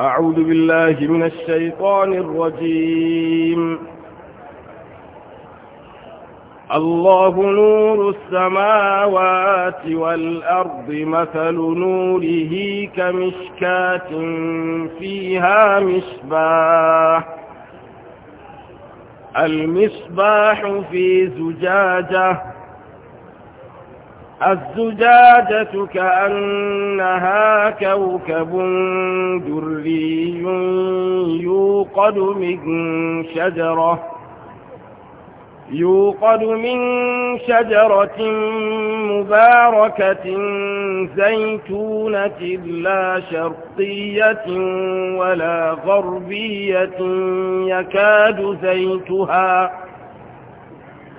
أعوذ بالله من الشيطان الرجيم الله نور السماوات والأرض مثل نوره كمشكاة فيها مشباح المصباح في زجاجه الزجاجة كأنها كوكب دري يوقد من شجرة يوقد من شجرة مباركة زيتونة لا شرقية ولا غربية يكاد زيتها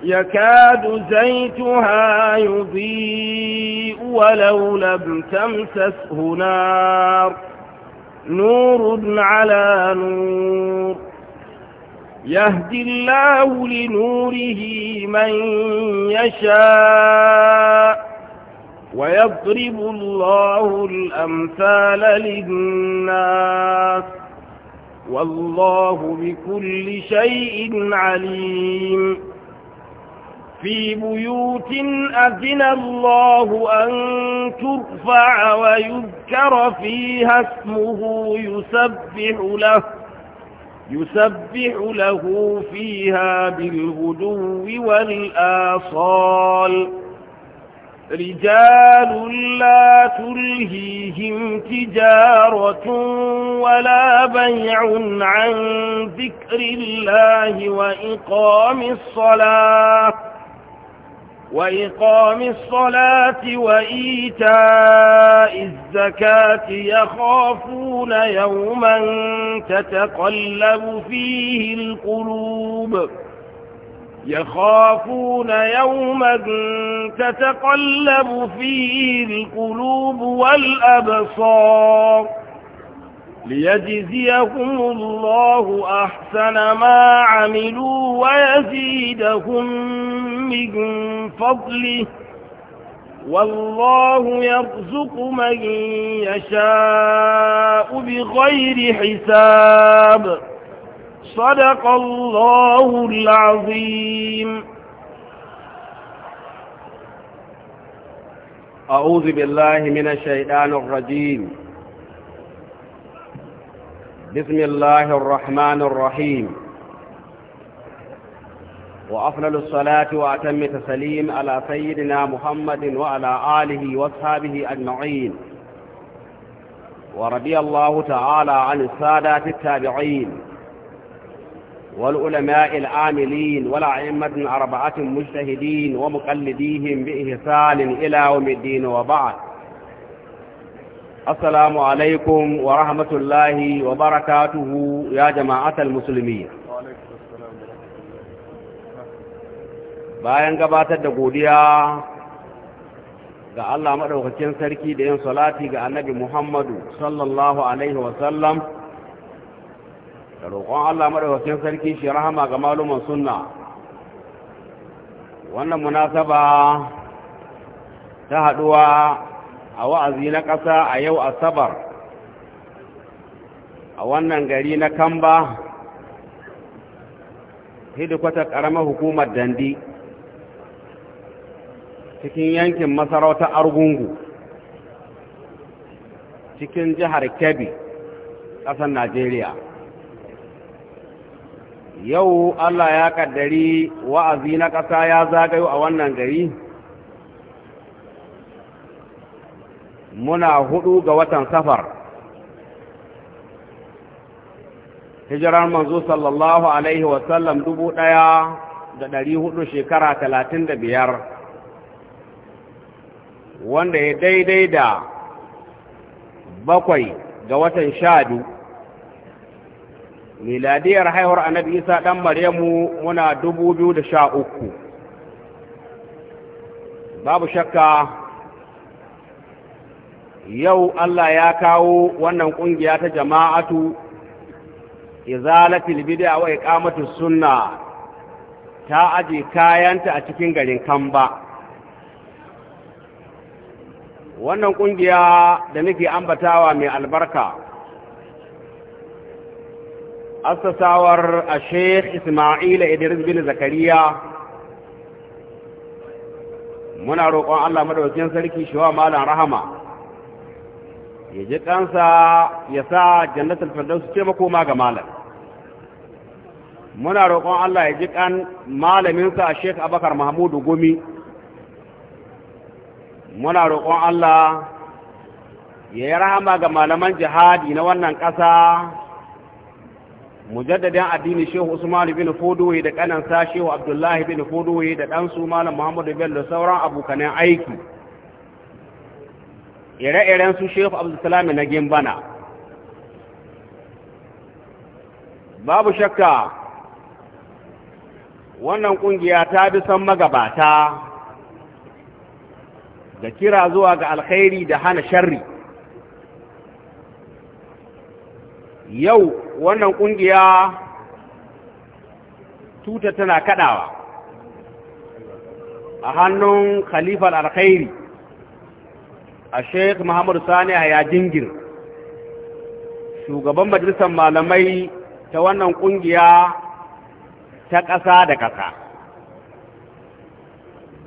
يكاد زيتها يضيء ولو لم تمسسه نار نور على نور يهدي الله لنوره من يشاء ويضرب الله الأمثال للناس والله بكل شيء عليم في بيوت أذن الله أن ترفع ويذكر فيها اسمه يسبح له يسبح له فيها بالغدو والآصال رجال لا تلهيهم تجارة ولا بيع عن ذكر الله وإقام الصلاة وإقام الصلاة وإيتاء الزكاة يخافون يوما تتقلب فيه القلوب يخافون يوما تتقلب فيه القلوب والأبصار ليجزيهم الله أحسن ما عملوا ويزيدهم من فضله والله يرزق من يشاء بغير حساب صدق الله العظيم أعوذ بالله من الشيطان الرجيم بسم الله الرحمن الرحيم وأفضل الصلاة وأتم تسليم على سيدنا محمد وعلى آله وأصحابه أجمعين ورضي الله تعالى عن السادات التابعين والعلماء العاملين والأئمة أربعة مجتهدين ومقلديهم بإحسان إلى يوم الدين وبعد السلام عليكم ورحمة الله وبركاته يا جماعة المسلمين bayan gabatar da godiya ga Allah maɗaukakin sarki da yin salati ga annabi Muhammadu sallallahu Alaihi wasallam da roƙon Allah maɗaukakin sarki shi rahama ga maluman sunna wannan munasaba ta haɗuwa a wa'azi na ƙasa a yau asabar a wannan gari na kamba hidikwatar ƙaramar hukumar dandi cikin yankin masarautar argungu cikin jihar kebbi ƙasar najeriya yau allah ya kaddari wa'azi na ƙasa ya zagayo a wannan gari muna hudu ga watan safar hijirar manzo sallallahu alaihi wasallam dubu ɗaya da ɗari hudu shekara talatin da biyar wanda ya daidai da bakwai ga watan shadu miladiyar haihuwar annabi isa dan maryamu muna dubu biyu da sha uku babu shakka yau allah ya kawo wannan ƙungiya ta jama'atu izalatil bid'a wa iqamatus sunna ta aje kayanta a cikin garin Kamba wannan kungiya da nake ambatawa mai albarka asasawar a sheikh ismaila idris bin zakariya muna roƙon allah madawacin sarki shiwa malam rahama ya ji kansa ya sa jannatul firdausu ce makoma ga malam muna roƙon allah ya ji kan malaminsa a sheikh abakar mahmudu gumi muna roƙon Allah ya yi rahama ga malaman jihadi na wannan ƙasa mujaddadin addini shehu usman bin fuduhi da ƙanansa shehu abdullahi bin fuduhi da ɗansu malam muhammadu bello sauran abokanen aiki ire-iren su shehu abdullahi na gimbana babu shakka wannan ƙungiya ta bi son magabata da kira zuwa ga alkhairi da hana sharri yau wannan ƙungiya tuta tana kaɗawa a hannun khalifar alkhairi a sheikh muhammadu sani a jingir shugaban majalisar malamai ta wannan ƙungiya ta ƙasa da ƙasa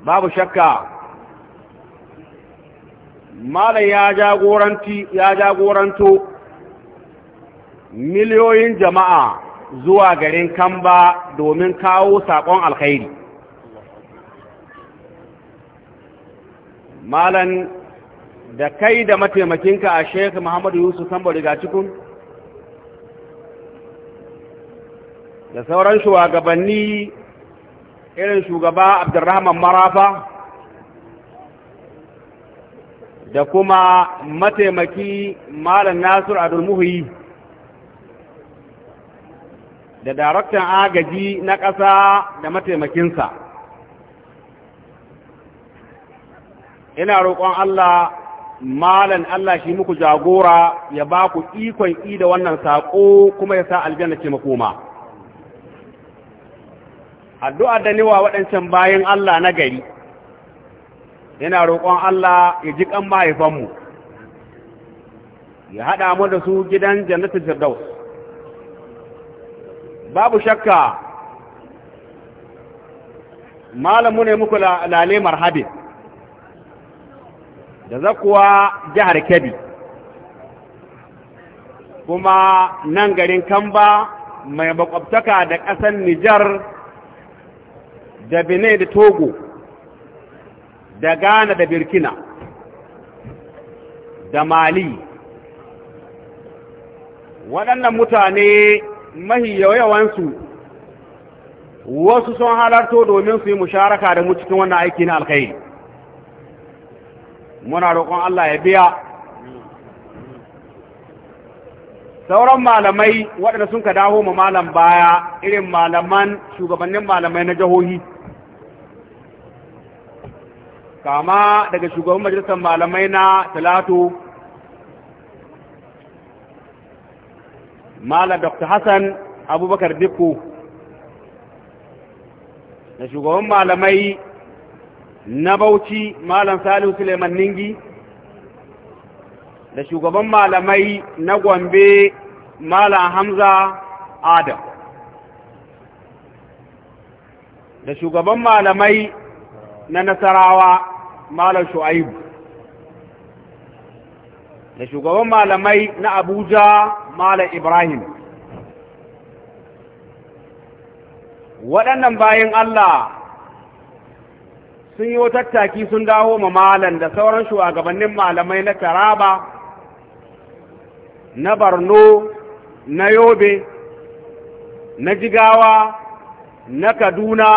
babu shakka malam ya jagoranti ya jagoranto miliyoyin jama'a zuwa garin kamba domin kawo saƙon alkhairi malam da kai da mataimakinka a sheikh muhammadu yusuf sambo daga cikin da sauran shugabanni irin shugaba abdurrahman marafa da kuma mataimaki malam nasir abdulmuhi da daraktan agaji na ƙasa da mataimakinsa ina roƙon allah malam allah shi muku jagora ya ba ku ikon i da wannan saƙo kuma ya sa aljanna ce makoma addu'ar da niwa waɗancan bayan allah na gari yana roƙon Allah ya ji ƙan mahaifanmu ya haɗa mu da su gidan jannatin firdaus babu shakka malamu ne muku lale marhabin da zakuwa jihar kebbi kuma nan garin kamba mai makwabtaka da ƙasar nijar da benin da togo da Ghana da Burkina da Mali waɗannan mutane mahi yawansu wasu sun halarto domin su yi musharaka da mu cikin wannan aiki na alkhairi muna roƙon Allah ya biya sauran malamai waɗanda sun ka dawo ma malam baya irin malaman shugabannin malamai na jihohi kama daga shugaban majalisar malamai na talatu malam dr hassan abubakar dikku da shugaban malamai na bauchi malam salihu suleiman ningi da shugaban malamai na gombe malam hamza adam da shugaban malamai na nasarawa malam Shu'aibu da shugaban malamai na abuja malam ibrahim waɗannan bayan allah sun yi tattaki sun dawo ma malam da sauran shugabannin malamai na taraba na barno na yobe na jigawa na kaduna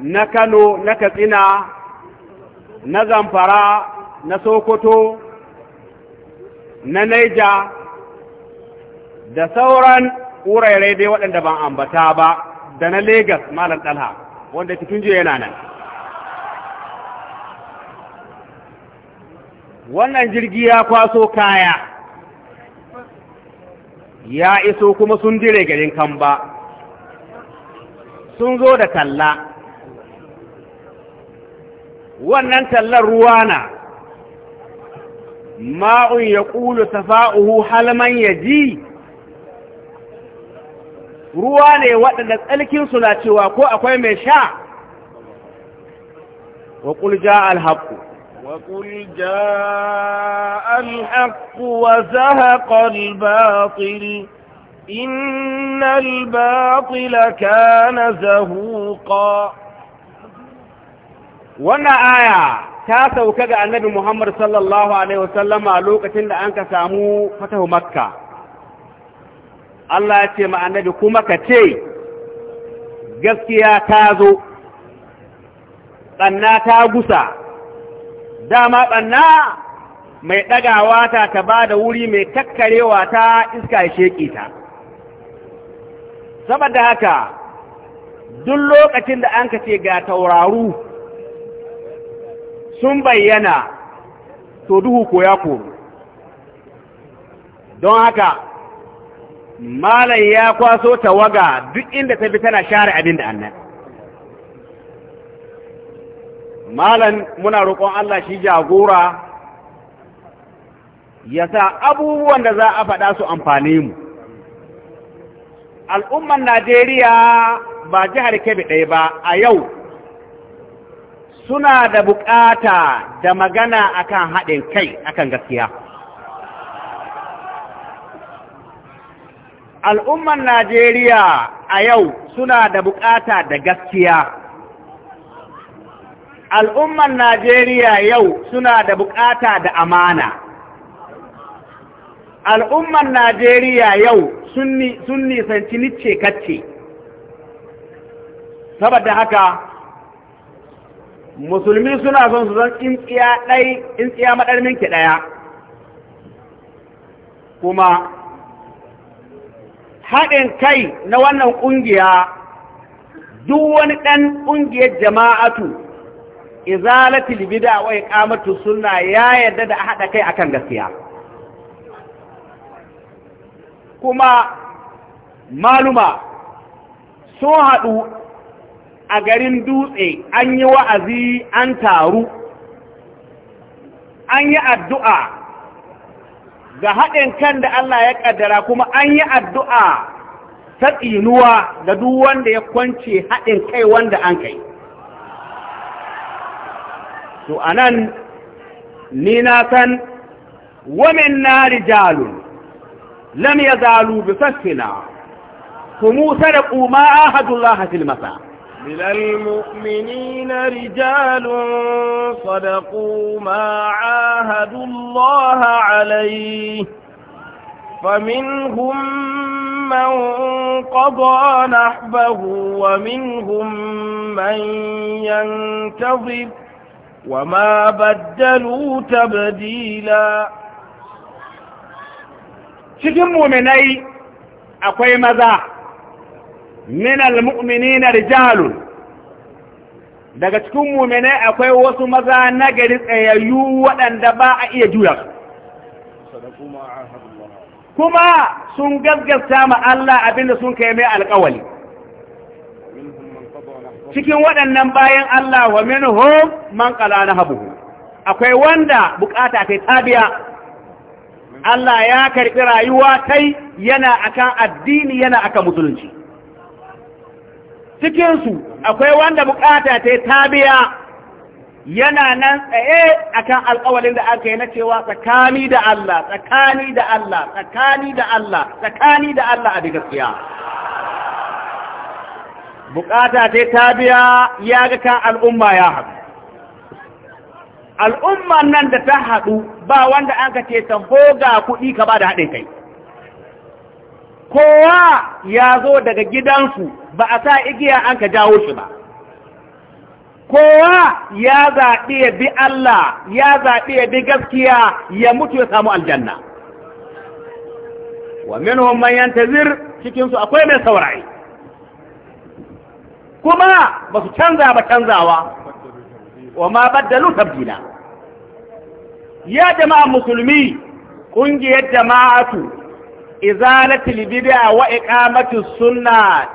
na kano na katsina na zamfara na sokoto na naija da sauran wurare dai waɗanda ban ambata ba da na Legas Malam ɗalha wanda cikin jiya yana nan. Wannan jirgi ya kwaso kaya ya iso kuma sun jire garin Kamba sun zo da talla wannan tallar ruwa na ma'un ya ƙulu safa'uhu halman ya ji ruwa ne waɗanda tsalkinsu na cewa ko akwai mai sha wa ƙulja alhaƙu وقل جاء الحق وزهق الباطل إن الباطل كان زهوقا wannan aya ta sauka ga annabi Muhammad sallallahu alaihi wasallama lokacin da an ka samu fatahu makka Allah ya ce ma annabi kuma ka ce gaskiya ta zo tsanna ta gusa dama tsanna mai ɗagawa ta ta ba da wuri mai kakkarewa ta iska ya sheƙi ta saboda haka duk lokacin da an ka ce ga tauraru sun bayyana to duhu ko ya koru don haka malam ya kwaso tawaga duk inda ta bi tana share abin da annan malam muna roƙon Allah shi jagora ya sa abubuwan da za a faɗa su amfane mu Al'ummar najeriya ba jihar kebe ɗaya ba a yau suna da bukata da magana akan haɗin kai akan gaskiya al'umman najeriya a yau suna da bukata da gaskiya al'umman najeriya yau suna da bukata da amana al'umman najeriya yau sun nisanci nice kacce saboda haka musulmi suna son su zan in ɗai tsintsiya maɗarmin ɗaya kuma haɗin kai na wannan ƙungiya duk wani ɗan ƙungiyar jama'atu izalatul bid'a wa iqamatu suna ya yarda da haɗa kai akan gaskiya kuma maluma sun haɗu a garin dutse an yi wa'azi an taru an yi addu'a ga haɗin kan da Allah ya ƙaddara kuma an yi addu'a ta tsinuwa ga duk wanda ya kwance haɗin kai wanda an kai to anan ni na san wamin na rijalun lam ya zalu bi sassina kuma sadaqu ma ahadullah fil masa من المؤمنين رجال صدقوا ما عاهدوا الله عليه فمنهم من قضى نحبه ومنهم من ينتظر وما بدلوا تبديلا cikin muminai akwai maza minal mu'minina rijalun daga cikin mu'minai akwai wasu maza nagari tsayayyu waɗanda ba a iya juya kuma sun gaggasta ma Allah abinda sun kai mai alƙawali cikin waɗannan bayan Allah wa minhum man qala nahbuhu akwai wanda bukata kai tabiya Allah ya karɓi rayuwa kai yana akan addini yana akan musulunci su akwai wanda bukata ta tabiya yana nan tsaye akan alkawalin da aka yi na cewa tsakani da Allah tsakani da Allah tsakani da Allah tsakani da Allah a da gaskiya bukata ta ta ya ga kan al'umma ya haɗu al'umman nan da ta haɗu ba wanda aka ce ta kuɗi ka ba da haɗin kai kowa ya zo daga gidansu ba a sa igiya an ka jawo shi ba kowa ya zaɓi ya bi Allah ya zaɓi ya bi gaskiya ya mutu ya samu aljanna wa minhum man yantazir cikin su akwai mai saurayi kuma ba su canza ba canzawa wa ma baddalu tabdila ya jama'a musulmi ƙungiyar jama'atu izalatul bid'a wa iqamatus sunna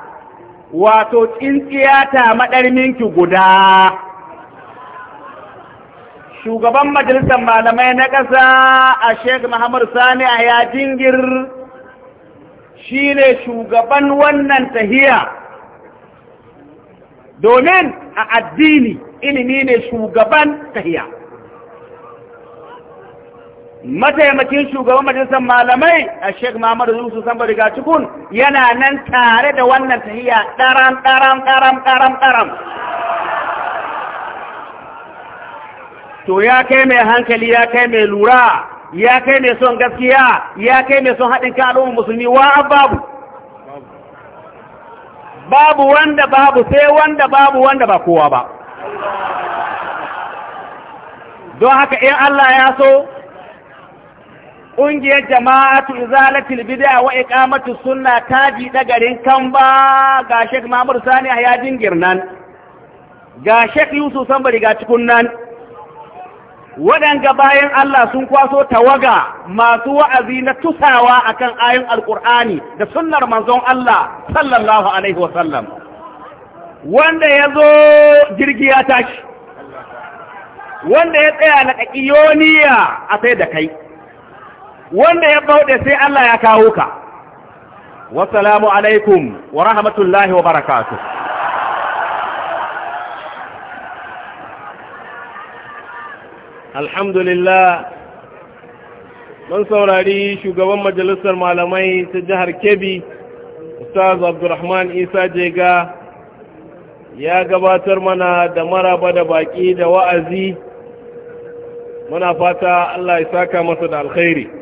wato tsintsiyata ki guda shugaban majalisar malamai na ƙasa a Sheikh Muhammad Sani a yajin gir shine shugaban wannan tahiya domin a addini ilimi ne shugaban tahiya mataimakin shugaban majalisar malamai a shek Muhammadu zuwa san bari gacikun yana nan tare da wannan tahiya ɗaram ɗaram ɗaram ɗaram ɗaram. To ya kai mai hankali ya kai mai lura ya kai mai son gaskiya ya kai mai son haɗin kan al'ummar musulmi wa babu. Babu wanda babu sai wanda babu wanda ba kowa ba. Don haka in Allah ya so ƙungiyar jama'atu izalatul bid'a wa iqamatu sunna ta bi da garin Kamba ga Sheikh Mahmud Sani ya jingirnan ga Sheikh Yusuf Sambari ga cikin nan waɗanga bayan Allah sun kwaso tawaga masu wa'azi na tusawa akan ayin alƙur'ani da sunnar manzon Allah sallallahu alaihi wa sallam wanda ya zo jirgi ya tashi wanda ya tsaya na ƙaƙiyoniya a sai da kai wanda ya bauɗe sai Allah ya kawo ka wasalamu alaikum wa rahmatullahi wa barakatu. alhamdulillah mun saurari shugaban majalisar malamai ta jihar kebbi ustaz abdurrahman isa jega ya gabatar mana da maraba da baƙi da wa'azi muna fata allah ya saka masa da alkhairi